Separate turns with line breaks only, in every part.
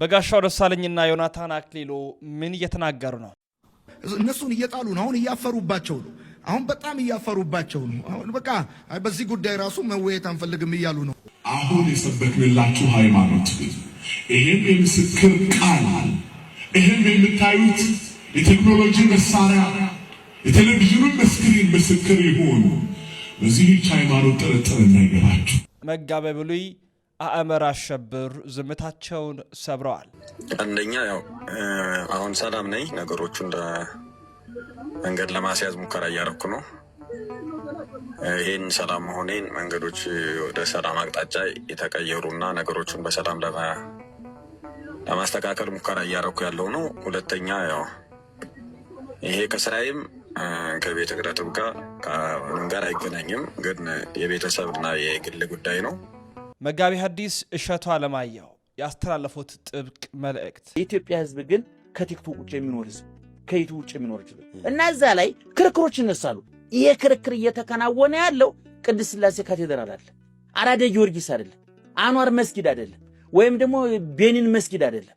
በጋሻው ደሳለኝና ዮናታን አክሊሉ ምን እየተናገሩ ነው?
እነሱን እየጣሉ ነው። አሁን እያፈሩባቸው ነው። አሁን በጣም እያፈሩባቸው ነው። አሁን በቃ በዚህ ጉዳይ ራሱ መወየት አንፈልግም እያሉ ነው።
አሁን የሰበክንላችሁ ሃይማኖት ይህም የምስክር ቃል አለ። ይህም የምታዩት የቴክኖሎጂ መሳሪያ የቴሌቪዥኑን መስክሪን ምስክር የሆኑ በዚህች ሃይማኖት ጥርጥር እንዳይገባችሁ
መጋበ ብሉይ አእምር አሸብር ዝምታቸውን ሰብረዋል።
አንደኛ ያው አሁን ሰላም ነኝ። ነገሮቹ እንደ መንገድ ለማስያዝ ሙከራ እያደረኩ ነው። ይህን ሰላም መሆኔን መንገዶች ወደ ሰላም አቅጣጫ የተቀየሩና ነገሮቹን በሰላም ለማስተካከል ሙከራ እያደረኩ ያለው ነው። ሁለተኛ ያው ይሄ ከስራዬም ከቤተ ክረትም ጋር ከምን ጋር አይገናኝም፣ ግን የቤተሰብና የግል ጉዳይ ነው።
መጋቢ ሐዲስ እሸቱ አለማየሁ ያስተላለፉት ጥብቅ መልእክት
የኢትዮጵያ ህዝብ ግን ከቲክቶክ ውጭ የሚኖር ህዝብ ከዩቱብ ውጭ የሚኖር ሕዝብ እና እዛ ላይ ክርክሮች ይነሳሉ። ይህ ክርክር እየተከናወነ ያለው ቅድስት ስላሴ ካቴድራል አለ፣ አራዳ ጊዮርጊስ አይደለም፣ አኗር መስጊድ አይደለም፣ ወይም ደግሞ ቤኒን መስጊድ አይደለም።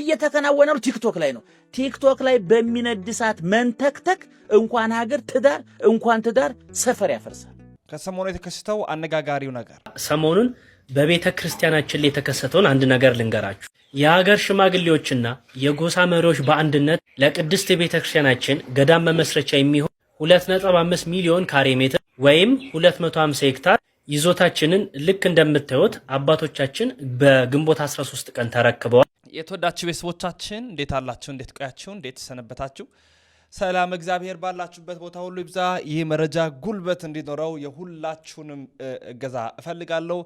እየተከናወነ ቲክቶክ ላይ ነው። ቲክቶክ ላይ በሚነድሳት መንተክተክ እንኳን ሀገር ትዳር እንኳን ትዳር ሰፈር ያፈርሳል።
ከሰሞኑ የተከሰተው አነጋጋሪው ነገር
ሰሞኑን በቤተ ክርስቲያናችን ላይ የተከሰተውን አንድ ነገር ልንገራችሁ። የሀገር ሽማግሌዎችና የጎሳ መሪዎች በአንድነት ለቅድስት ቤተ ክርስቲያናችን ገዳም መመስረቻ የሚሆን 2.5 ሚሊዮን ካሬ ሜትር ወይም 250 ሄክታር ይዞታችንን ልክ እንደምታዩት አባቶቻችን በግንቦት 13 ቀን ተረክበዋል።
የተወዳችሁ ቤተሰቦቻችን እንዴት አላችሁ? እንዴት ቆያችሁ? እንዴት ሰነበታችሁ? ሰላም እግዚአብሔር ባላችሁበት ቦታ ሁሉ ይብዛ። ይህ መረጃ ጉልበት እንዲኖረው የሁላችሁንም እገዛ እፈልጋለሁ።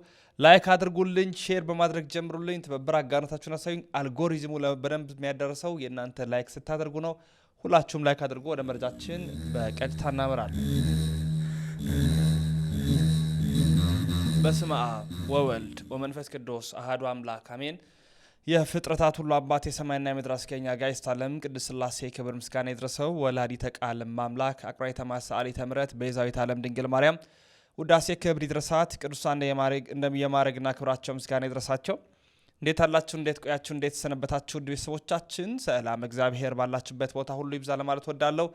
ላይክ አድርጉልኝ፣ ሼር በማድረግ ጀምሩልኝ፣ ትብብር አጋርነታችሁን አሳዩኝ። አልጎሪዝሙ በደንብ የሚያደርሰው የእናንተ ላይክ ስታደርጉ ነው። ሁላችሁም ላይክ አድርጎ ወደ መረጃችን በቀጥታ እናመራለን። በስመ አብ ወወልድ ወመንፈስ ቅዱስ አህዱ አምላክ አሜን። የፍጥረታት ሁሉ አባት የሰማይና የምድር አስገኛ ጋይስት ዓለም ቅድስት ሥላሴ ክብር ምስጋና ይድረሰው። ወላዲተ ቃል ማምላክ አቅራይ አሊተ ተምረት ቤዛዊት ዓለም ድንግል ማርያም ውዳሴ ክብር ይድረሳት ቅዱሳን የማድረግና ክብራቸው ምስጋና ይድረሳቸው። እንዴት አላችሁ? እንዴት ቆያችሁ? እንዴት ሰነበታችሁ? ውድ ቤተሰቦቻችን ሰላም እግዚአብሔር ባላችሁበት ቦታ ሁሉ ይብዛ ለማለት ወዳለው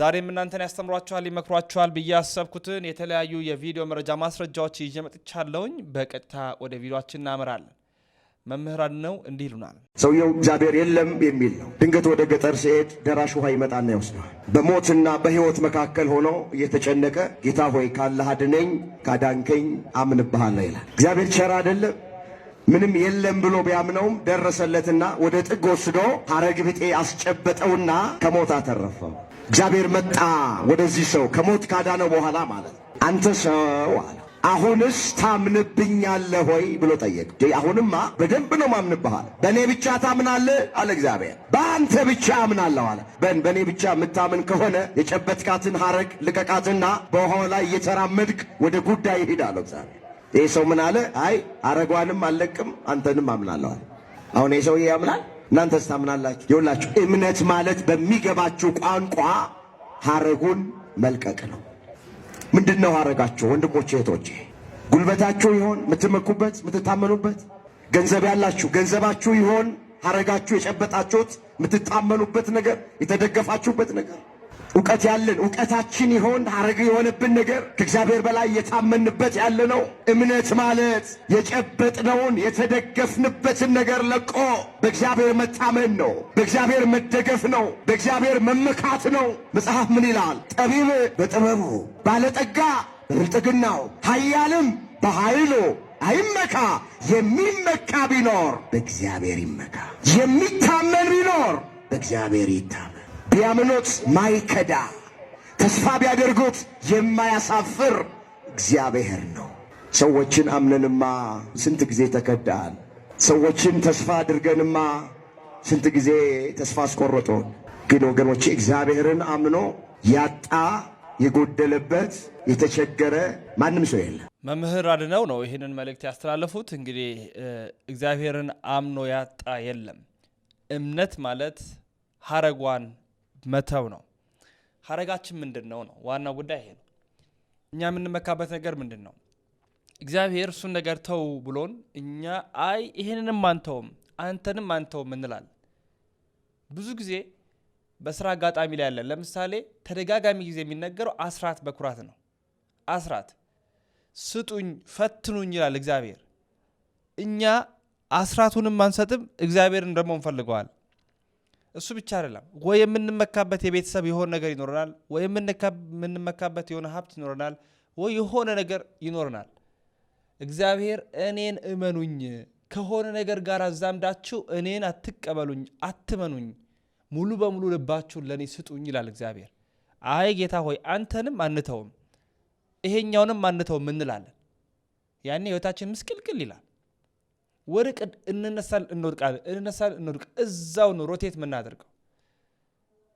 ዛሬም እናንተን ያስተምሯችኋል ይመክሯችኋል ብዬ ያሰብኩትን የተለያዩ የቪዲዮ መረጃ ማስረጃዎች ይዤ መጥቻለሁኝ። በቀጥታ ወደ ቪዲዮችን እናምራለን። መምህራን ነው እንዲህ ይሉናል።
ሰውየው እግዚአብሔር የለም የሚል ነው። ድንገት ወደ ገጠር ሲሄድ ደራሽ ውሃ ይመጣና ይወስደዋል። በሞትና በሕይወት መካከል ሆኖ እየተጨነቀ ጌታ ሆይ ካለህ አድነኝ፣ ካዳንከኝ አምንብሃለሁ ይላል። እግዚአብሔር ቸር አይደለም? ምንም የለም ብሎ ቢያምነውም ደረሰለትና ወደ ጥግ ወስዶ ሐረግ ብጤ አስጨበጠውና ከሞት አተረፈው። እግዚአብሔር መጣ ወደዚህ ሰው ከሞት ካዳነው በኋላ ማለት አንተ ሰው አለ አሁንስ ታምንብኛለ ሆይ ብሎ ጠየቅ። አሁንማ በደንብ ነው ማምንብሃል። በእኔ ብቻ ታምናለ አለ እግዚአብሔር። በአንተ ብቻ አምናለሁ አለ። በን በእኔ ብቻ የምታምን ከሆነ የጨበትካትን ሐረግ ልቀቃትና በውሃው ላይ እየተራመድክ ወደ ጉዳይ ይሄድ አለው እግዚአብሔር። ይህ ሰው ምን አለ? አይ አረጓንም አልለቅም አንተንም አምናለሁ አለ። አሁን ይህ ሰውዬ ያምናል፣ እናንተስ ታምናላችሁ። ይውላችሁ እምነት ማለት በሚገባችሁ ቋንቋ ሐረጉን መልቀቅ ነው። ምንድን ነው አረጋችሁ? ወንድሞች እህቶቼ፣ ጉልበታችሁ ይሆን የምትመኩበት የምትታመኑበት? ገንዘብ ያላችሁ ገንዘባችሁ ይሆን አረጋችሁ የጨበጣችሁት የምትታመኑበት ነገር የተደገፋችሁበት ነገር እውቀት ያለን እውቀታችን ይሆን ሐረግ የሆነብን ነገር ከእግዚአብሔር በላይ የታመንበት ያለ ነው። እምነት ማለት የጨበጥነውን የተደገፍንበትን ነገር ለቆ በእግዚአብሔር መታመን ነው። በእግዚአብሔር መደገፍ ነው። በእግዚአብሔር መመካት ነው። መጽሐፍ ምን ይላል? ጠቢብ በጥበቡ ባለጠጋ በብልጥግናው ኃያልም በኃይሉ አይመካ። የሚመካ ቢኖር በእግዚአብሔር ይመካ። የሚታመን ቢኖር በእግዚአብሔር ይታመን። ቢያምኑት ማይከዳ ተስፋ ቢያደርጉት የማያሳፍር እግዚአብሔር ነው። ሰዎችን አምነንማ ስንት ጊዜ ተከዳል። ሰዎችን ተስፋ አድርገንማ ስንት ጊዜ ተስፋ አስቆረጡን። ግን ወገኖቼ እግዚአብሔርን አምኖ ያጣ የጎደለበት የተቸገረ ማንም ሰው የለም።
መምህር አድነው ነው ይህንን መልእክት ያስተላለፉት። እንግዲህ እግዚአብሔርን አምኖ ያጣ የለም። እምነት ማለት ሀረጓን መተው ነው። ሀረጋችን ምንድን ነው ነው ዋናው ጉዳይ ይሄ ነው። እኛ የምንመካበት ነገር ምንድን ነው? እግዚአብሔር እሱን ነገር ተው ብሎን እኛ አይ ይሄንንም አንተውም አንተንም አንተውም እንላል። ብዙ ጊዜ በስራ አጋጣሚ ላይ ያለን ለምሳሌ ተደጋጋሚ ጊዜ የሚነገረው አስራት በኩራት ነው። አስራት ስጡኝ፣ ፈትኑኝ ይላል እግዚአብሔር። እኛ አስራቱንም አንሰጥም፣ እግዚአብሔርን ደግሞ እንፈልገዋል። እሱ ብቻ አይደለም ወይ የምንመካበት የቤተሰብ የሆነ ነገር ይኖረናል፣ ወይ የምንመካበት የሆነ ሀብት ይኖረናል፣ ወይ የሆነ ነገር ይኖረናል። እግዚአብሔር እኔን እመኑኝ፣ ከሆነ ነገር ጋር አዛምዳችሁ እኔን አትቀበሉኝ፣ አትመኑኝ፣ ሙሉ በሙሉ ልባችሁን ለእኔ ስጡኝ ይላል እግዚአብሔር። አይ ጌታ ሆይ አንተንም አንተውም ይሄኛውንም አንተውም እንላለን። ያኔ ህይወታችን ምስቅልቅል ይላል። ወርቅ እንነሳል እንወድቃለን፣ እንነሳል እንወድቅ እዛው ነው ሮቴት የምናደርገው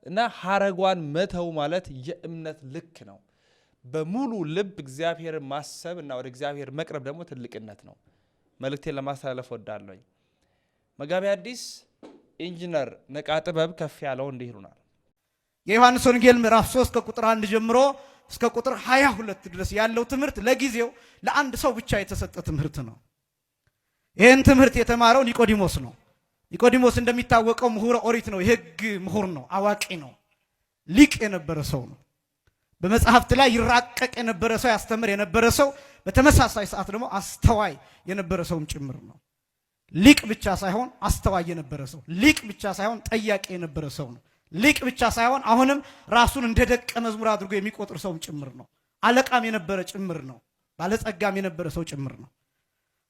እና ሀረጓን መተው ማለት የእምነት ልክ ነው። በሙሉ ልብ እግዚአብሔር ማሰብ እና ወደ እግዚአብሔር መቅረብ ደግሞ ትልቅነት ነው። መልእክቴን ለማስተላለፍ ወዳለኝ መጋቢ አዲስ ኢንጂነር ነቃ ጥበብ ከፍ ያለው እንዲህ ይሉናል።
የዮሐንስ ወንጌል ምዕራፍ 3 ከቁጥር 1 ጀምሮ እስከ ቁጥር 22 ድረስ ያለው ትምህርት ለጊዜው ለአንድ ሰው ብቻ የተሰጠ ትምህርት ነው። ይህን ትምህርት የተማረው ኒቆዲሞስ ነው። ኒቆዲሞስ እንደሚታወቀው ምሁረ ኦሪት ነው። የህግ ምሁር ነው። አዋቂ ነው። ሊቅ የነበረ ሰው ነው። በመጽሐፍት ላይ ይራቀቅ የነበረ ሰው፣ ያስተምር የነበረ ሰው፣ በተመሳሳይ ሰዓት ደግሞ አስተዋይ የነበረ ሰውም ጭምር ነው። ሊቅ ብቻ ሳይሆን አስተዋይ የነበረ ሰው፣ ሊቅ ብቻ ሳይሆን ጠያቂ የነበረ ሰው ነው። ሊቅ ብቻ ሳይሆን አሁንም ራሱን እንደ ደቀ መዝሙር አድርጎ የሚቆጥር ሰውም ጭምር ነው። አለቃም የነበረ ጭምር ነው። ባለጸጋም የነበረ ሰው ጭምር ነው።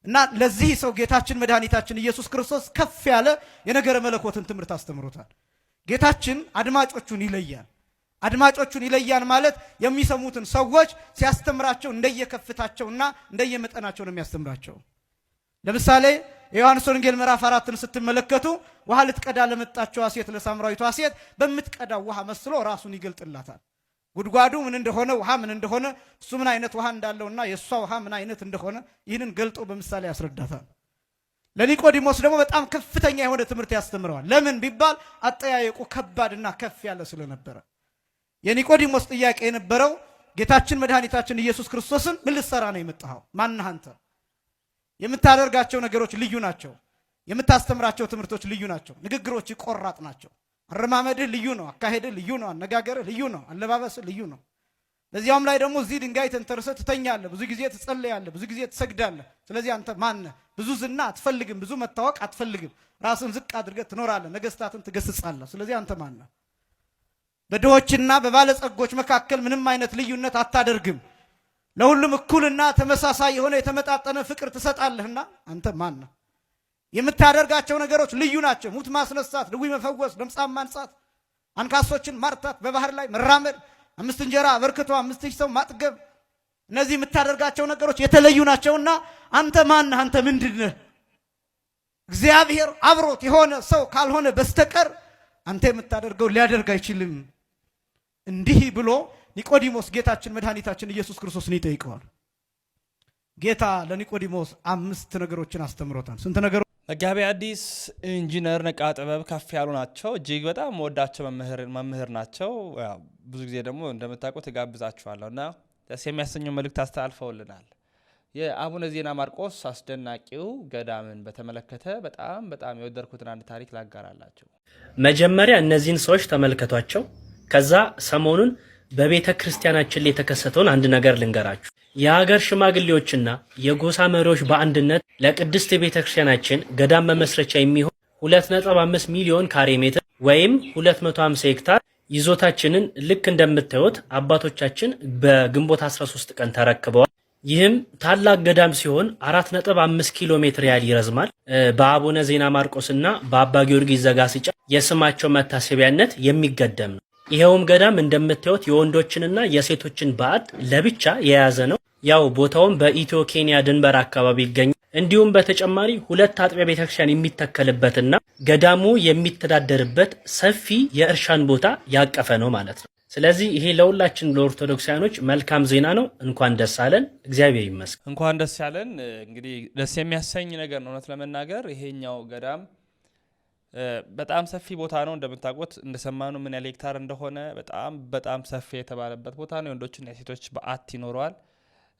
እና ለዚህ ሰው ጌታችን መድኃኒታችን ኢየሱስ ክርስቶስ ከፍ ያለ የነገረ መለኮትን ትምህርት አስተምሮታል። ጌታችን አድማጮቹን ይለያል። አድማጮቹን ይለያል ማለት የሚሰሙትን ሰዎች ሲያስተምራቸው እንደየከፍታቸውና እንደየመጠናቸው ነው የሚያስተምራቸው። ለምሳሌ የዮሐንስ ወንጌል ምዕራፍ አራትን ስትመለከቱ ውሃ ልትቀዳ ለመጣችዋ ሴት ለሳምራዊቷ ሴት በምትቀዳው ውሃ መስሎ ራሱን ይገልጥላታል። ጉድጓዱ ምን እንደሆነ ውሃ ምን እንደሆነ እሱ ምን አይነት ውሃ እንዳለውና የእሷ ውሃ ምን አይነት እንደሆነ ይህንን ገልጦ በምሳሌ ያስረዳታል። ለኒቆዲሞስ ደግሞ በጣም ከፍተኛ የሆነ ትምህርት ያስተምረዋል። ለምን ቢባል አጠያየቁ ከባድና ከፍ ያለ ስለነበረ የኒቆዲሞስ ጥያቄ የነበረው ጌታችን መድኃኒታችን ኢየሱስ ክርስቶስን ምን ልትሰራ ነው የመጣኸው? ማነህ አንተ? የምታደርጋቸው ነገሮች ልዩ ናቸው። የምታስተምራቸው ትምህርቶች ልዩ ናቸው። ንግግሮች ይቆራጥ ናቸው። አረማመድህ ልዩ ነው። አካሄድህ ልዩ ነው። አነጋገርህ ልዩ ነው። አለባበስህ ልዩ ነው። በዚያውም ላይ ደግሞ እዚህ ድንጋይ ተንተርሰህ ትተኛለህ፣ ብዙ ጊዜ ትጸለያለህ፣ ብዙ ጊዜ ትሰግዳለህ። ስለዚህ አንተ ማነህ? ብዙ ዝና አትፈልግም፣ ብዙ መታወቅ አትፈልግም። ራስን ዝቅ አድርገህ ትኖራለህ፣ ነገስታትን ትገስጻለህ። ስለዚህ አንተ ማነህ? በድሆችና በባለጸጎች መካከል ምንም አይነት ልዩነት አታደርግም። ለሁሉም እኩልና ተመሳሳይ የሆነ የተመጣጠነ ፍቅር ትሰጣለህና አንተ ማነህ? የምታደርጋቸው ነገሮች ልዩ ናቸው። ሙት ማስነሳት፣ ድዊ መፈወስ፣ ለምጻም ማንጻት፣ አንካሶችን ማርታት፣ በባህር ላይ መራመድ፣ አምስት እንጀራ በርክቶ አምስት ሺህ ሰው ማጥገብ፣ እነዚህ የምታደርጋቸው ነገሮች የተለዩ ናቸውና አንተ ማን አንተ ምንድን እግዚአብሔር አብሮት የሆነ ሰው ካልሆነ በስተቀር አንተ የምታደርገው ሊያደርግ አይችልም። እንዲህ ብሎ ኒቆዲሞስ ጌታችን መድኃኒታችን ኢየሱስ ክርስቶስን ይጠይቀዋል። ጌታ ለኒቆዲሞስ አምስት ነገሮችን አስተምሮታል። ስንት ነገሮች?
መጋቤ ሐዲስ ኢንጂነር ነቃ ጥበብ ከፍ ያሉ ናቸው። እጅግ በጣም ወዳቸው መምህር ናቸው። ብዙ ጊዜ ደግሞ እንደምታውቁት ትጋብዛችኋለሁ እና ደስ የሚያሰኙ መልእክት አስተላልፈውልናል። የአቡነ ዜና ማርቆስ አስደናቂው ገዳምን በተመለከተ በጣም በጣም የወደድኩትን አንድ ታሪክ ላጋራላቸው።
መጀመሪያ እነዚህን ሰዎች ተመልከቷቸው። ከዛ ሰሞኑን በቤተ ክርስቲያናችን ላይ የተከሰተውን አንድ ነገር ልንገራችሁ። የሀገር ሽማግሌዎችና የጎሳ መሪዎች በአንድነት ለቅድስት ቤተክርስቲያናችን ገዳም መመስረቻ የሚሆን 2.5 ሚሊዮን ካሬ ሜትር ወይም 250 ሄክታር ይዞታችንን ልክ እንደምታዩት አባቶቻችን በግንቦት 13 ቀን ተረክበዋል። ይህም ታላቅ ገዳም ሲሆን 4.5 ኪሎ ሜትር ያህል ይረዝማል። በአቡነ ዜና ማርቆስና በአባ ጊዮርጊስ ዘጋስጫ የስማቸው መታሰቢያነት የሚገደም ነው። ይኸውም ገዳም እንደምታዩት የወንዶችንና የሴቶችን በዓት ለብቻ የያዘ ነው። ያው ቦታውም በኢትዮ ኬንያ ድንበር አካባቢ ይገኛል። እንዲሁም በተጨማሪ ሁለት አጥቢያ ቤተክርስቲያን የሚተከልበትና ገዳሙ የሚተዳደርበት ሰፊ የእርሻን ቦታ ያቀፈ ነው ማለት ነው። ስለዚህ ይሄ ለሁላችን ለኦርቶዶክሳውያኖች መልካም ዜና ነው። እንኳን ደስ አለን። እግዚአብሔር ይመስገን።
እንኳን ደስ ያለን። እንግዲህ ደስ የሚያሰኝ ነገር ነው። እውነት ለመናገር ይሄኛው ገዳም በጣም ሰፊ ቦታ ነው። እንደምታውቁት እንደሰማኑ ምን ያህል ሄክታር እንደሆነ በጣም በጣም ሰፊ የተባለበት ቦታ ነው። የወንዶችና የሴቶች በዓት ይኖረዋል።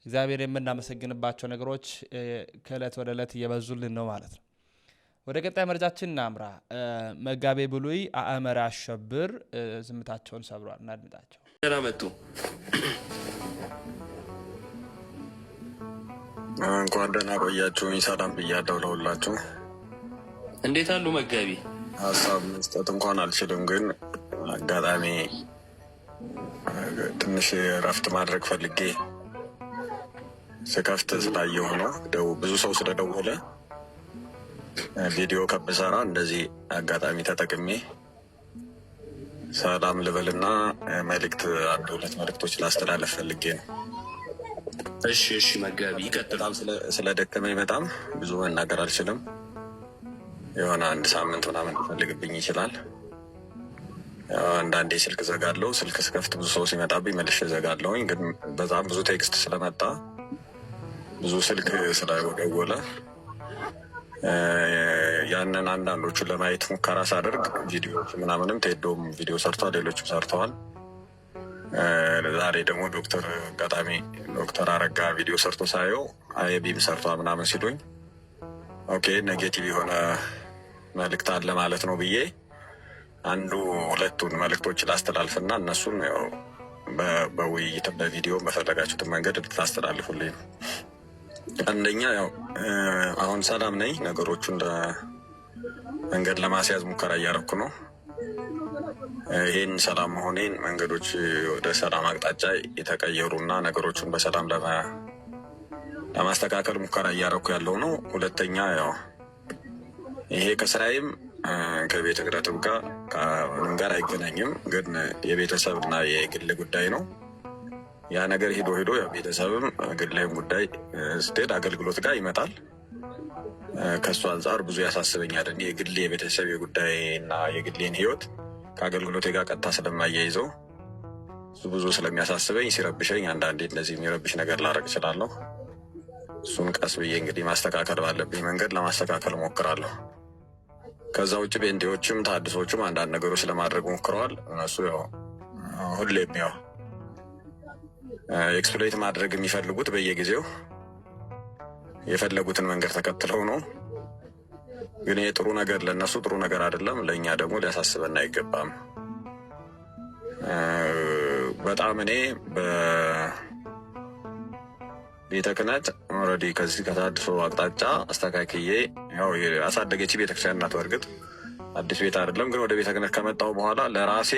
እግዚአብሔር የምናመሰግንባቸው ነገሮች ከእለት ወደ እለት እየበዙልን ነው ማለት ነው። ወደ ቀጣይ መረጃችን እናምራ። መጋቤ ብሉይ አእመር አሸብር ዝምታቸውን ሰብሯል። እናድምጣቸው።
ደህና መጡ። እንኳን ደህና ቆያችሁ። ሰላም ብያለሁ ለሁላችሁ
እንዴት አሉ መጋቢ?
ሀሳብ መስጠት እንኳን አልችልም፣ ግን አጋጣሚ ትንሽ እረፍት ማድረግ ፈልጌ ስከፍት ስላየሁ ነው። ብዙ ሰው ስለደወለ ቪዲዮ ከብሰራ እንደዚህ አጋጣሚ ተጠቅሜ ሰላም ልበልና መልእክት አንድ ሁለት መልእክቶች ላስተላለፍ ፈልጌ ነው። እሺ እሺ፣ መጋቢ ይቀጥላል። ስለደከመኝ በጣም ብዙ መናገር አልችልም። የሆነ አንድ ሳምንት ምናምን ፈልግብኝ ይችላል። አንዳንዴ ስልክ ዘጋለው። ስልክ ስከፍት ብዙ ሰው ሲመጣብኝ መልሼ ዘጋለውኝ። ግን በጣም ብዙ ቴክስት ስለመጣ ብዙ ስልክ ስለጎደጎለ ያንን አንዳንዶቹን ለማየት ሙከራ ሳደርግ ቪዲዮ ምናምንም ቴዶም ቪዲዮ ሰርቷል፣ ሌሎችም ሰርተዋል። ዛሬ ደግሞ ዶክተር አጋጣሚ ዶክተር አረጋ ቪዲዮ ሰርቶ ሳየው አየቢም ሰርቷል ምናምን ሲሉኝ ኦኬ ኔጌቲቭ የሆነ መልእክት አለ ማለት ነው ብዬ አንዱ ሁለቱን መልእክቶች ላስተላልፍና እነሱን ያው በውይይት በቪዲዮ በፈለጋችሁትን መንገድ ልታስተላልፉልኝ ነው። አንደኛ ያው አሁን ሰላም ነኝ። ነገሮቹን መንገድ ለማስያዝ ሙከራ እያረኩ ነው። ይህን ሰላም መሆኔን መንገዶች ወደ ሰላም አቅጣጫ እና ነገሮቹን በሰላም ለማስተካከል ሙከራ እያረኩ ያለው ነው። ሁለተኛ ያው ይሄ ከስራይም ከቤተ ክረትም ጋር ጋር አይገናኝም፣ ግን የቤተሰብና የግል ጉዳይ ነው። ያ ነገር ሂዶ ሂዶ ቤተሰብም ግላይም ጉዳይ ስትሄድ አገልግሎት ጋር ይመጣል። ከእሱ አንጻር ብዙ ያሳስበኛል። እኔ የግል የቤተሰብ የጉዳይና የግሌን ህይወት ከአገልግሎቴ ጋር ቀጥታ ስለማያይዘው እሱ ብዙ ስለሚያሳስበኝ ሲረብሸኝ፣ አንዳንዴ እንደዚህ የሚረብሽ ነገር ላረግ እችላለሁ። እሱን ቀስ ብዬ እንግዲህ ማስተካከል ባለብኝ መንገድ ለማስተካከል እሞክራለሁ። ከዛ ውጭ ቤንዲዎችም ታድሶቹም አንዳንድ ነገሮች ለማድረግ ሞክረዋል። እነሱ ያው ሁሌም ያው ኤክስፕሎይት ማድረግ የሚፈልጉት በየጊዜው የፈለጉትን መንገድ ተከትለው ነው። ግን ጥሩ ነገር ለእነሱ ጥሩ ነገር አይደለም፣ ለእኛ ደግሞ ሊያሳስበን አይገባም። በጣም እኔ ቤተ ክህነት ኦልሬዲ ከዚህ ከተሃድሶ አቅጣጫ አስተካክዬ አሳደገች ያሳደገች ቤተክርስቲያን ናት። በእርግጥ አዲስ ቤት አይደለም፣ ግን ወደ ቤተ ክህነት በኋላ ለራሴ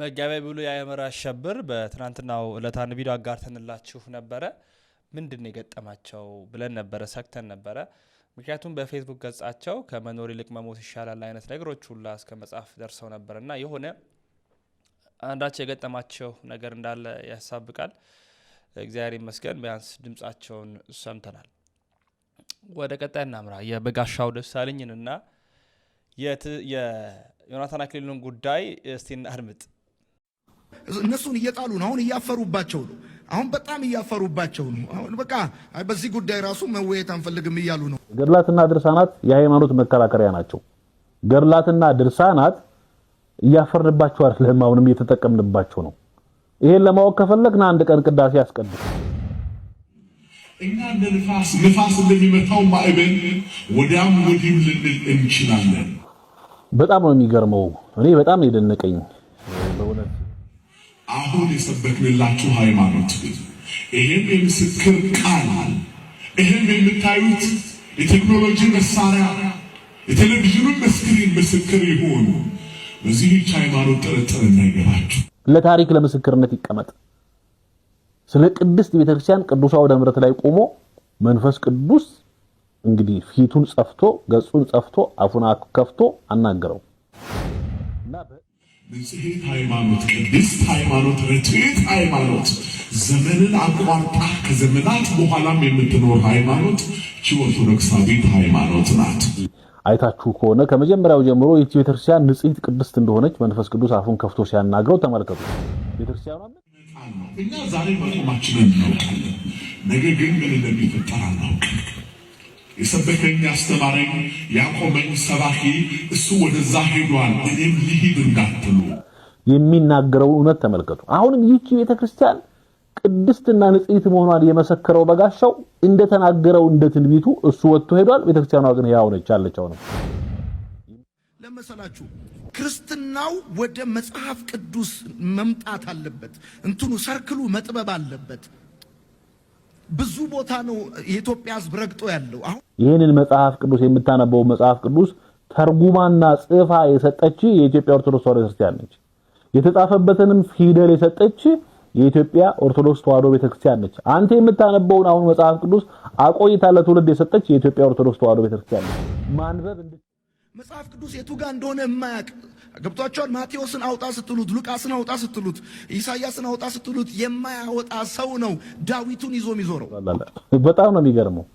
መጋቢያ ብሎ አእምር አሸብር በትናንትናው ዕለት አንድ ቪዲዮ አጋርተንላችሁ ነበረ። ምንድን ነው የገጠማቸው ብለን ነበረ፣ ሰግተን ነበረ። ምክንያቱም በፌስቡክ ገጻቸው ከመኖር ይልቅ መሞት ይሻላል አይነት ነገሮች ሁላ እስከ መጽሐፍ ደርሰው እና የሆነ አንዳቸው የገጠማቸው ነገር እንዳለ ያሳብቃል። እግዚአብሔር ይመስገን ቢያንስ ድምጻቸውን ሰምተናል። ወደ ቀጣይ እናምራ። የበጋሻው ደሳለኝንና የዮናታን አክሊሉን ጉዳይ እስቲ እናድምጥ።
እነሱን እየጣሉ ነው። አሁን እያፈሩባቸው ነው። አሁን በጣም እያፈሩባቸው ነው። አሁን በቃ በዚህ ጉዳይ ራሱ መወየት አንፈልግም እያሉ ነው።
ገድላትና ድርሳናት የሃይማኖት መከራከሪያ ናቸው። ገድላትና ድርሳናት እያፈርንባቸው አይደለም፣ አሁንም እየተጠቀምንባቸው ነው። ይሄን ለማወቅ ከፈለግን አንድ ቀን ቅዳሴ ያስቀድስ።
እኛ እንደ ንፋስ ንፋስ እንደሚመታው ማዕበል ወዲያም ወዲህም ልንል እንችላለን።
በጣም ነው የሚገርመው። እኔ በጣም ነው የደነቀኝ በእውነት
አሁን የሰበክንላችሁ ሃይማኖት ይህም የምስክር ቃል ይህም የምታዩት የቴክኖሎጂ መሳሪያ የቴሌቪዥኑን መስክሪን ምስክር ይሆኑ በዚህች ሃይማኖት ጥርጥር እንዳይገባችሁ
ለታሪክ ለምስክርነት ይቀመጥ። ስለ ቅድስት ቤተክርስቲያን ቅዱሳ ወደ ምሕረት ላይ ቆሞ መንፈስ ቅዱስ እንግዲህ ፊቱን ጸፍቶ ገጹን ጸፍቶ አፉን ከፍቶ አናገረው።
ንጽሕት ሃይማኖት፣ ቅድስት ሃይማኖት፣ ርትዕት ሃይማኖት፣ ዘመንን አቋርጣ ከዘመናት በኋላም የምትኖር ሃይማኖት ኦርቶዶክሳዊት ሃይማኖት ናት።
አይታችሁ ከሆነ ከመጀመሪያው ጀምሮ ይህች ቤተክርስቲያን ንጽሕት ቅድስት እንደሆነች መንፈስ ቅዱስ አፉን ከፍቶ ሲያናግረው ተመልከቱ። ቤተክርስቲያኗ
እኛ ዛሬ መቆማችንን እናውቃለን፣ ነገ ግን ምን እንደሚፈጠር አናውቅም። የሰበከኝ አስተማረኝ፣ ያቆመኝ ሰባኪ እሱ ወደዛ ሄዷል፣ እኔም ሊሂድ እንዳትሉ
የሚናገረው እውነት ተመልከቱ። አሁንም ይህቺ ቤተክርስቲያን ቅድስትና ንጽሕት መሆኗን የመሰከረው በጋሻው እንደተናገረው እንደ ትንቢቱ እሱ ወጥቶ ሄዷል። ቤተክርስቲያኗ ግን ያው ነች ነው።
ለመሰላችሁ ክርስትናው ወደ መጽሐፍ ቅዱስ መምጣት አለበት። እንትኑ ሰርክሉ መጥበብ አለበት። ብዙ ቦታ ነው የኢትዮጵያ ሕዝብ ረግጦ ያለው።
አሁን ይህንን መጽሐፍ ቅዱስ የምታነበው መጽሐፍ ቅዱስ ተርጉማና ጽፋ የሰጠች የኢትዮጵያ ኦርቶዶክስ ተዋሕዶ ቤተክርስቲያን ነች። የተጻፈበትንም ፊደል የሰጠች የኢትዮጵያ ኦርቶዶክስ ተዋሕዶ ቤተክርስቲያን ነች። አንተ የምታነበውን አሁን መጽሐፍ ቅዱስ አቆይታ ለትውልድ የሰጠች የኢትዮጵያ ኦርቶዶክስ ተዋዶ ቤተክርስቲያን ነች። ማንበብ እንድ
መጽሐፍ ቅዱስ የቱ ጋር እንደሆነ የማያውቅ ገብቷቸዋል። ማቴዎስን አውጣ ስትሉት፣ ሉቃስን አውጣ ስትሉት፣ ኢሳያስን አውጣ ስትሉት የማያወጣ ሰው ነው ዳዊቱን ይዞ የሚዞረው።
በጣም ነው የሚገርመው።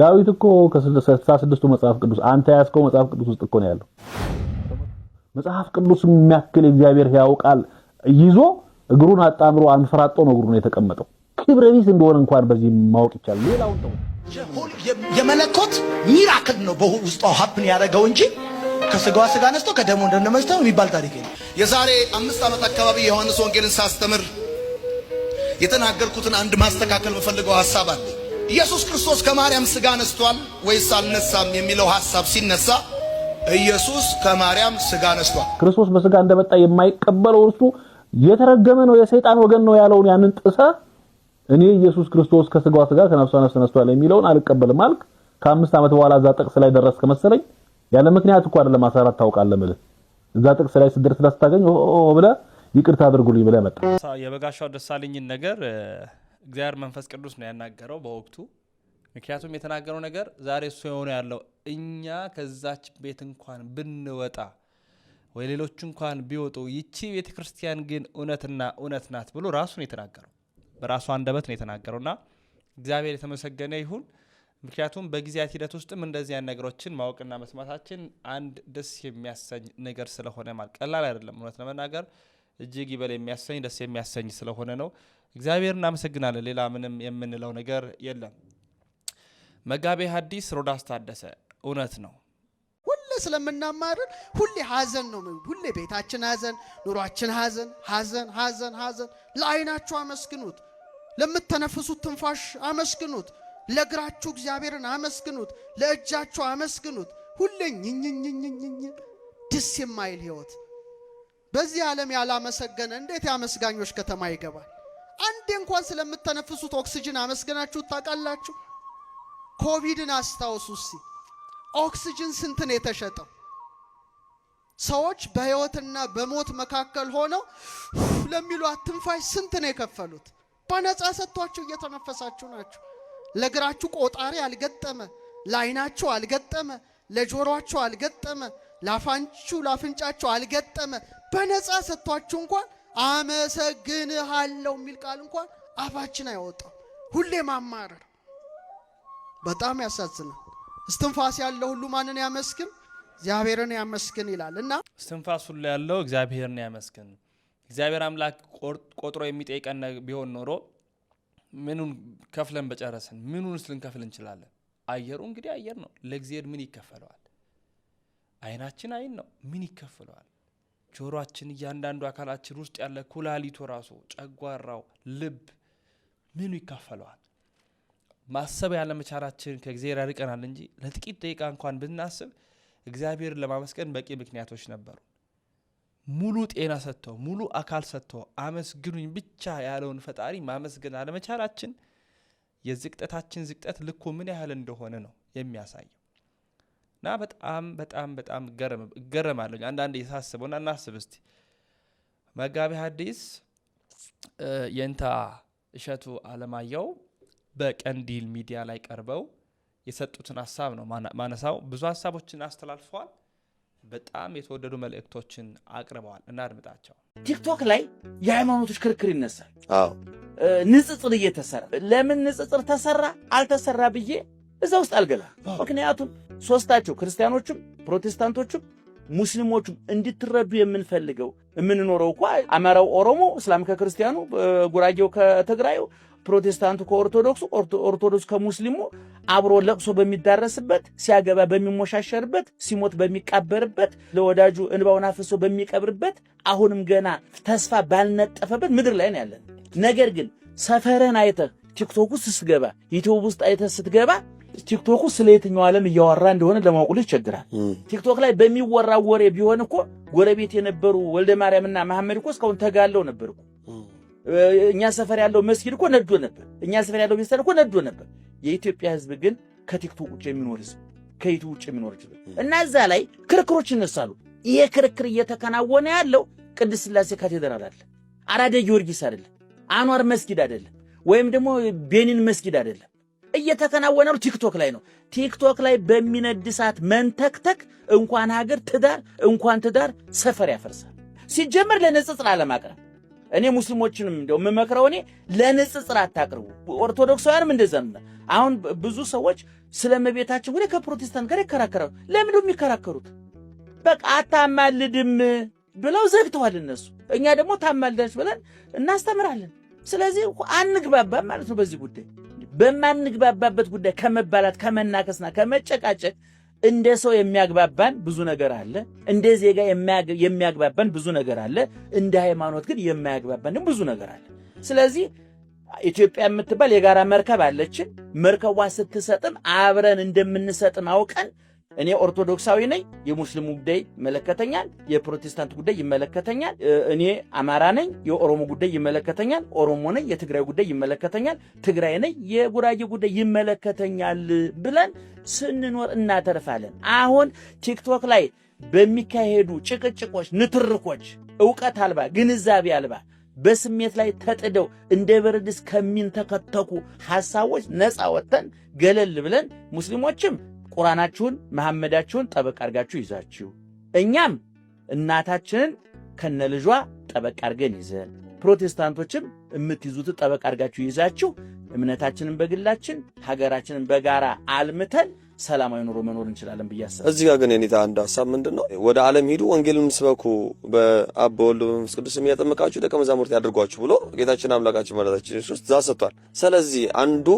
ዳዊት እኮ ከስልሳ ስድስቱ መጽሐፍ ቅዱስ አንተ ያዝከው መጽሐፍ ቅዱስ ውስጥ እኮ ነው ያለው። መጽሐፍ ቅዱስ የሚያክል እግዚአብሔር ያውቃል ይዞ እግሩን አጣምሮ አንፈራጦ ነው እግሩን የተቀመጠው። ክብረ ቢስ እንደሆነ እንኳን በዚህ ማወቅ ይቻላል። ሌላውን ነው
የመለኮት ሚራክል ነው በውስጧ ሀፕን ያደረገው እንጂ ከስጋዋ ስጋ ነስቶ ከደሞ እንደነመስጠው የሚባል ታሪክ ነው። የዛሬ አምስት ዓመት አካባቢ የዮሐንስ ወንጌልን ሳስተምር የተናገርኩትን አንድ ማስተካከል የምፈልገው ሐሳብ አለ። ኢየሱስ ክርስቶስ ከማርያም ስጋ ነስቷል ወይስ አልነሳም የሚለው ሐሳብ ሲነሳ ኢየሱስ ከማርያም ስጋ ነስቷል።
ክርስቶስ በስጋ እንደመጣ የማይቀበለው እርሱ የተረገመ ነው የሰይጣን ወገን ነው ያለውን ያንን ጥሰ እኔ ኢየሱስ ክርስቶስ ከስጋዋ ስጋ ከነፍሷ ነፍስ ተነስቷል የሚለውን አልቀበልም አልክ። ከአምስት ዓመት በኋላ እዛ ጥቅስ ላይ ደረስክ መሰለኝ። ያለ ምክንያት እኮ አይደለም አሳራት ታውቃለህ ምልህ እዛ ጥቅስ ላይ ስደርስ ስታገኝ ብለህ ይቅርታ አድርጉልኝ ብለህ መጣ።
የበጋሻው ደሳለኝን ነገር እግዚአብሔር መንፈስ ቅዱስ ነው ያናገረው በወቅቱ። ምክንያቱም የተናገረው ነገር ዛሬ እሱ የሆነ ያለው እኛ ከዛች ቤት እንኳን ብንወጣ ወይ ሌሎች እንኳን ቢወጡ ይቺ ቤተ ክርስቲያን ግን እውነትና እውነት ናት ብሎ ራሱን የተናገረው በራሱ አንደበት ነው የተናገረውና እግዚአብሔር የተመሰገነ ይሁን። ምክንያቱም በጊዜያት ሂደት ውስጥም እንደዚያ ነገሮችን ማወቅና መስማታችን አንድ ደስ የሚያሰኝ ነገር ስለሆነ ማለት ቀላል አይደለም። እውነት ለመናገር እጅግ ይበል የሚያሰኝ ደስ የሚያሰኝ ስለሆነ ነው። እግዚአብሔር እናመሰግናለን። ሌላ ምንም የምንለው ነገር የለም። መጋቤ ሐዲስ ሮዳስ ታደሰ እውነት ነው።
ስለምናማርን ሁሌ ሀዘን ነው። ሁሌ ቤታችን ሀዘን፣ ኑሯችን ሀዘን፣ ሀዘን፣ ሀዘን፣ ሀዘን። ለዓይናችሁ አመስግኑት፣ ለምትተነፍሱት ትንፋሽ አመስግኑት፣ ለእግራችሁ እግዚአብሔርን አመስግኑት፣ ለእጃችሁ አመስግኑት። ሁሌ ኝኝኝኝኝኝ ደስ የማይል ህይወት በዚህ ዓለም ያላመሰገነ እንዴት የአመስጋኞች ከተማ ይገባል? አንዴ እንኳን ስለምትተነፍሱት ኦክስጅን አመስገናችሁ ታውቃላችሁ? ኮቪድን አስታውሱ እስቲ። ኦክስጅን ስንት ነው የተሸጠው? ሰዎች በህይወትና በሞት መካከል ሆነው ለሚሉ ትንፋሽ ስንት ነው የከፈሉት? በነፃ ሰጥቷችሁ እየተነፈሳችሁ ናችሁ። ለእግራችሁ ቆጣሪ አልገጠመ፣ ለአይናችሁ አልገጠመ፣ ለጆሮአችሁ አልገጠመ፣ ላፋንቹ ላፍንጫችሁ አልገጠመ። በነፃ ሰጥቷችሁ እንኳን አመሰግንሃለሁ የሚል ቃል እንኳን አፋችን አይወጣም። ሁሌ ማማረር በጣም ያሳዝናል። እስትንፋስ ያለው ሁሉ ማንን ያመስግን? እግዚአብሔርን ያመስግን ይላል እና
እስትንፋስ ሁሉ ያለው እግዚአብሔርን ያመስግን። እግዚአብሔር አምላክ ቆጥሮ የሚጠይቀን ቢሆን ኖሮ ምኑን ከፍለን በጨረስን፣ ምኑንስ ልንከፍል እንችላለን? አየሩ እንግዲህ አየር ነው። ለእግዚአብሔር ምን ይከፈለዋል? አይናችን አይን ነው፣ ምን ይከፈለዋል? ጆሮአችን፣ እያንዳንዱ አካላችን ውስጥ ያለ ኩላሊቱ ራሱ፣ ጨጓራው፣ ልብ ምኑ ይከፈለዋል? ማሰብ ያለመቻላችን ከእግዚአብሔር ያርቀናል እንጂ ለጥቂት ደቂቃ እንኳን ብናስብ እግዚአብሔር ለማመስገን በቂ ምክንያቶች ነበሩ። ሙሉ ጤና ሰጥቶ ሙሉ አካል ሰጥቶ አመስግኑኝ ብቻ ያለውን ፈጣሪ ማመስገን አለመቻላችን የዝቅጠታችን ዝቅጠት ልኩ ምን ያህል እንደሆነ ነው የሚያሳየው። እና በጣም በጣም በጣም እገረማለሁ አንዳንድ የሳስበው እናስብ እስቲ መጋቢ ሐዲስ የእንታ እሸቱ አለማየሁ በቀንዲል ሚዲያ ላይ ቀርበው የሰጡትን ሀሳብ ነው ማነሳው። ብዙ ሀሳቦችን አስተላልፈዋል። በጣም የተወደዱ መልእክቶችን አቅርበዋል። እናድምጣቸው።
ቲክቶክ ላይ የሃይማኖቶች ክርክር ይነሳል። አዎ ንጽጽር እየተሰራ ለምን ንጽጽር ተሰራ አልተሰራ ብዬ እዛ ውስጥ አልገላ። ምክንያቱም ሶስታቸው ክርስቲያኖቹም ፕሮቴስታንቶቹም ሙስሊሞቹም እንድትረዱ የምንፈልገው የምንኖረው እኳ አማራው ኦሮሞ፣ እስላም ከክርስቲያኑ፣ ጉራጌው ከትግራዩ ፕሮቴስታንቱ ከኦርቶዶክሱ፣ ኦርቶዶክስ ከሙስሊሙ አብሮ ለቅሶ በሚዳረስበት ሲያገባ በሚሞሻሸርበት ሲሞት በሚቃበርበት ለወዳጁ እንባውን አፍሶ በሚቀብርበት አሁንም ገና ተስፋ ባልነጠፈበት ምድር ላይ ነው ያለን። ነገር ግን ሰፈረን አይተህ ቲክቶክ ውስጥ ስትገባ ዩቲዩብ ውስጥ አይተህ ስትገባ ቲክቶክ ስለ የትኛው ዓለም እያወራ እንደሆነ ለማወቅ ይቸግራል። ቲክቶክ ላይ በሚወራ ወሬ ቢሆን እኮ ጎረቤት የነበሩ ወልደ ማርያምና መሐመድ እኮ እስካሁን ተጋለው ነበር እኮ እኛ ሰፈር ያለው መስጊድ እኮ ነዶ ነበር። እኛ ሰፈር ያለው ቤተሰብ እኮ ነዶ ነበር። የኢትዮጵያ ህዝብ ግን ከቲክቶክ ውጭ የሚኖር ህዝብ፣ ከዩቱብ ውጭ የሚኖር ህዝብ እና እዛ ላይ ክርክሮች ይነሳሉ። ይሄ ክርክር እየተከናወነ ያለው ቅድስት ስላሴ ካቴድራል አለ፣ አራዳ ጊዮርጊስ አይደለም፣ አኗር መስጊድ አይደለም፣ ወይም ደግሞ ቤኒን መስጊድ አይደለም። እየተከናወነ ያሉ ቲክቶክ ላይ ነው። ቲክቶክ ላይ በሚነድ መንተክተክ እንኳን ሀገር ትዳር እንኳን ትዳር ሰፈር ያፈርሳል። ሲጀመር ለንጽጽር አለማቅረብ እኔ ሙስሊሞችንም እንደው የምመክረው እኔ ለንጽጽር አታቅርቡ። ኦርቶዶክሳውያንም እንደዛ ነው። አሁን ብዙ ሰዎች ስለ እመቤታችን ወደ ከፕሮቴስታንት ጋር ይከራከራሉ። ለምንድነው የሚከራከሩት? በቃ አታማልድም ብለው ዘግተዋል እነሱ። እኛ ደግሞ ታማልዳች ብለን እናስተምራለን። ስለዚህ አንግባባም ማለት ነው። በዚህ ጉዳይ በማንግባባበት ጉዳይ ከመባላት ከመናከስና ከመጨቃጨቅ እንደ ሰው የሚያግባባን ብዙ ነገር አለ። እንደ ዜጋ የሚያግባባን ብዙ ነገር አለ። እንደ ሃይማኖት ግን የማያግባባን ብዙ ነገር አለ። ስለዚህ ኢትዮጵያ የምትባል የጋራ መርከብ አለችን። መርከቧ ስትሰጥም አብረን እንደምንሰጥም አውቀን እኔ ኦርቶዶክሳዊ ነኝ፣ የሙስሊሙ ጉዳይ ይመለከተኛል፣ የፕሮቴስታንት ጉዳይ ይመለከተኛል። እኔ አማራ ነኝ፣ የኦሮሞ ጉዳይ ይመለከተኛል፣ ኦሮሞ ነኝ፣ የትግራይ ጉዳይ ይመለከተኛል፣ ትግራይ ነኝ፣ የጉራጌ ጉዳይ ይመለከተኛል ብለን ስንኖር እናተርፋለን። አሁን ቲክቶክ ላይ በሚካሄዱ ጭቅጭቆች፣ ንትርኮች እውቀት አልባ ግንዛቤ አልባ በስሜት ላይ ተጥደው እንደ በረድስ ከሚንተከተኩ ሐሳቦች ነፃ ወጥተን ገለል ብለን ሙስሊሞችም ቁራናችሁን መሐመዳችሁን ጠበቅ አድርጋችሁ ይዛችሁ እኛም እናታችንን ከነልጇ ጠበቅ አድርገን ይዘን ፕሮቴስታንቶችም የምትይዙት ጠበቅ አድርጋችሁ ይዛችሁ እምነታችንን በግላችን ሀገራችንን በጋራ አልምተን ሰላማዊ ኑሮ መኖር እንችላለን ብዬ አስባለሁ።
እዚህ ጋር ግን የኔታ አንድ ሀሳብ ምንድን ነው፣ ወደ ዓለም ሂዱ ወንጌልን ስበኩ፣ በአብ በወልድ በመንፈስ ቅዱስ የሚያጠምቃችሁ ደቀ መዛሙርት ያደርጓችሁ ብሎ ጌታችን አምላካችን መድኃኒታችን ኢየሱስ ዛ ሰጥቷል። ስለዚህ አንዱ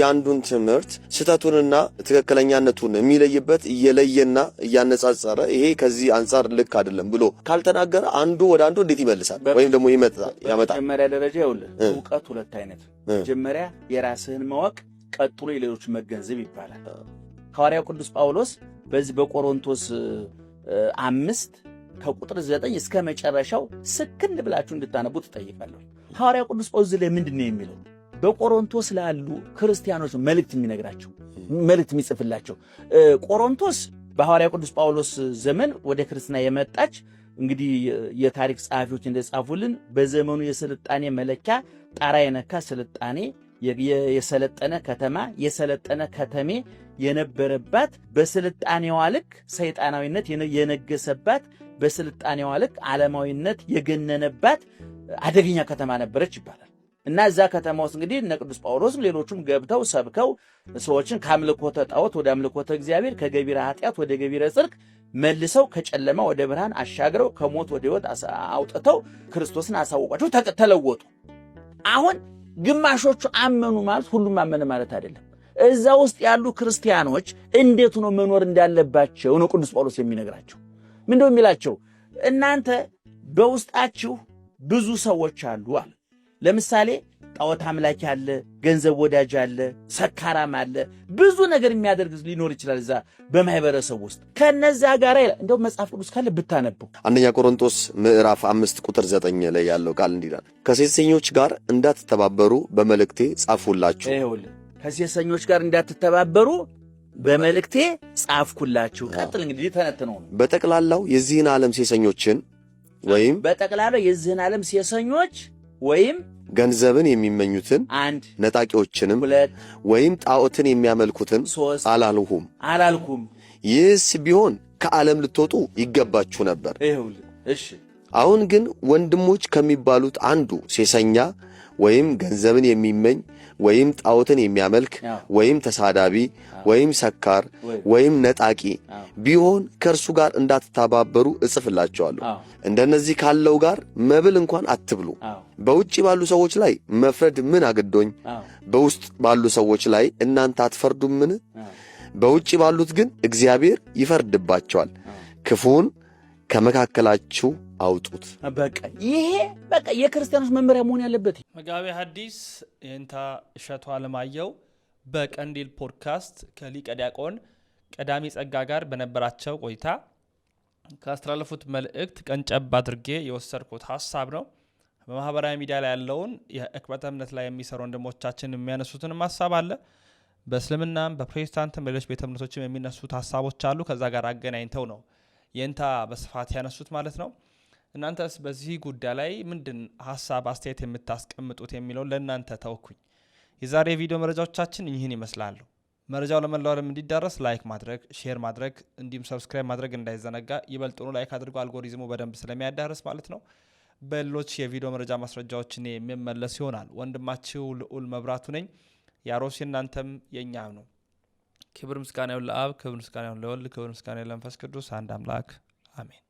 የአንዱን ትምህርት ስህተቱንና ትክክለኛነቱን የሚለይበት እየለየና እያነጻጸረ ይሄ ከዚህ አንጻር ልክ አይደለም ብሎ ካልተናገረ አንዱ ወደ አንዱ እንዴት ይመልሳል ወይም ደግሞ ይመጣል
ያመጣል። መጀመሪያ ደረጃ ይኸውልህ እውቀት ሁለት አይነት መጀመሪያ የራስህን ማወቅ ቀጥሎ የሌሎች መገንዘብ ይባላል። ሐዋርያው ቅዱስ ጳውሎስ በዚህ በቆሮንቶስ አምስት ከቁጥር ዘጠኝ እስከ መጨረሻው ስክን ብላችሁ እንድታነቡ ትጠይቃለሁ። ሐዋርያው ቅዱስ ጳውሎስ ላይ ምንድን ነው የሚለው? በቆሮንቶስ ላሉ ክርስቲያኖች መልእክት የሚነግራቸው መልእክት የሚጽፍላቸው። ቆሮንቶስ በሐዋርያ ቅዱስ ጳውሎስ ዘመን ወደ ክርስትና የመጣች እንግዲህ የታሪክ ጸሐፊዎች እንደጻፉልን በዘመኑ የስልጣኔ መለኪያ ጣራ የነካ ስልጣኔ የሰለጠነ ከተማ የሰለጠነ ከተሜ የነበረባት በስልጣኔዋ ልክ ሰይጣናዊነት የነገሰባት በስልጣኔዋ ልክ ዓለማዊነት የገነነባት አደገኛ ከተማ ነበረች ይባላል። እና እዛ ከተማ ውስጥ እንግዲህ እነ ቅዱስ ጳውሎስም ሌሎቹም ገብተው ሰብከው ሰዎችን ከአምልኮተ ጣዖት ወደ አምልኮተ እግዚአብሔር ከገቢረ ኃጢአት ወደ ገቢረ ጽድቅ መልሰው ከጨለማ ወደ ብርሃን አሻግረው ከሞት ወደ ሕይወት አውጥተው ክርስቶስን አሳወቋቸው፣ ተለወጡ። አሁን ግማሾቹ አመኑ ማለት ሁሉም አመነ ማለት አይደለም። እዛ ውስጥ ያሉ ክርስቲያኖች እንዴት ነው መኖር እንዳለባቸው ነው ቅዱስ ጳውሎስ የሚነግራቸው። ምንድነው የሚላቸው? እናንተ በውስጣችሁ ብዙ ሰዎች አሉ አለ። ለምሳሌ ጣዖት አምላኪ አለ፣ ገንዘብ ወዳጅ አለ፣ ሰካራም አለ። ብዙ ነገር የሚያደርግ ሊኖር ይችላል እዛ በማህበረሰብ ውስጥ ከነዚያ ጋር እንደው መጽሐፍ ቅዱስ ካለ ብታነበው
አንደኛ ቆሮንቶስ ምዕራፍ አምስት ቁጥር ዘጠኝ ላይ ያለው ቃል እንዲላል ከሴሰኞች ጋር እንዳትተባበሩ በመልእክቴ ጻፉላችሁ።
ከሴሰኞች ጋር እንዳትተባበሩ በመልእክቴ ጻፍኩላችሁ። ቀጥል እንግዲህ ተነትነው ነው
በጠቅላላው የዚህን ዓለም ሴሰኞችን ወይም
በጠቅላላው የዚህን ዓለም ሴሰኞች ወይም
ገንዘብን የሚመኙትን ነጣቂዎችንም ወይም ጣዖትን የሚያመልኩትን አላልሁም አላልኩም። ይህስ ቢሆን ከዓለም ልትወጡ ይገባችሁ ነበር። አሁን ግን ወንድሞች ከሚባሉት አንዱ ሴሰኛ ወይም ገንዘብን የሚመኝ ወይም ጣዖትን የሚያመልክ ወይም ተሳዳቢ ወይም ሰካር ወይም ነጣቂ ቢሆን ከእርሱ ጋር እንዳትተባበሩ እጽፍላቸዋለሁ። እንደነዚህ ካለው ጋር መብል እንኳን አትብሉ። በውጭ ባሉ ሰዎች ላይ መፍረድ ምን አግዶኝ? በውስጥ ባሉ ሰዎች ላይ እናንተ አትፈርዱምን? በውጭ ባሉት ግን እግዚአብሔር ይፈርድባቸዋል። ክፉን ከመካከላችሁ አውጡት።
በቃ ይሄ በቃ የክርስቲያኖች መመሪያ መሆን ያለበት።
መጋቤ ሐዲስ ይንታ እሸቱ አለማየሁ በቀንዲል ፖድካስት ከሊቀ ዲያቆን ቀዳሚ ጸጋ ጋር በነበራቸው ቆይታ ካስተላለፉት መልእክት ቀንጨብ አድርጌ የወሰድኩት ሀሳብ ነው። በማህበራዊ ሚዲያ ላይ ያለውን የእቅበተ እምነት ላይ የሚሰሩ ወንድሞቻችን የሚያነሱትንም ሀሳብ አለ። በእስልምናም በፕሮቴስታንትም በሌሎች ቤተ እምነቶችም የሚነሱት ሀሳቦች አሉ። ከዛ ጋር አገናኝተው ነው የእንታ በስፋት ያነሱት ማለት ነው። እናንተስ በዚህ ጉዳይ ላይ ምንድን ሀሳብ አስተያየት የምታስቀምጡት የሚለውን ለእናንተ ተወኩኝ። የዛሬ የቪዲዮ መረጃዎቻችን ይህን ይመስላሉ። መረጃው ለመላው ዓለም እንዲዳረስ ላይክ ማድረግ፣ ሼር ማድረግ እንዲሁም ሰብስክራይብ ማድረግ እንዳይዘነጋ። ይበልጥኑ ላይክ አድርጎ አልጎሪዝሙ በደንብ ስለሚያዳርስ ማለት ነው። በሌሎች የቪዲዮ መረጃ ማስረጃዎችን የሚመለስ ይሆናል። ወንድማችሁ ልዑል መብራቱ ነኝ። ያሮሲ እናንተም የእኛም ነው። ክብር ምስጋና ይሁን ለአብ፣ ክብር ምስጋና ይሁን ለወልድ፣ ክብር ምስጋና ይሁን ለመንፈስ ቅዱስ አንድ አምላክ አሜን።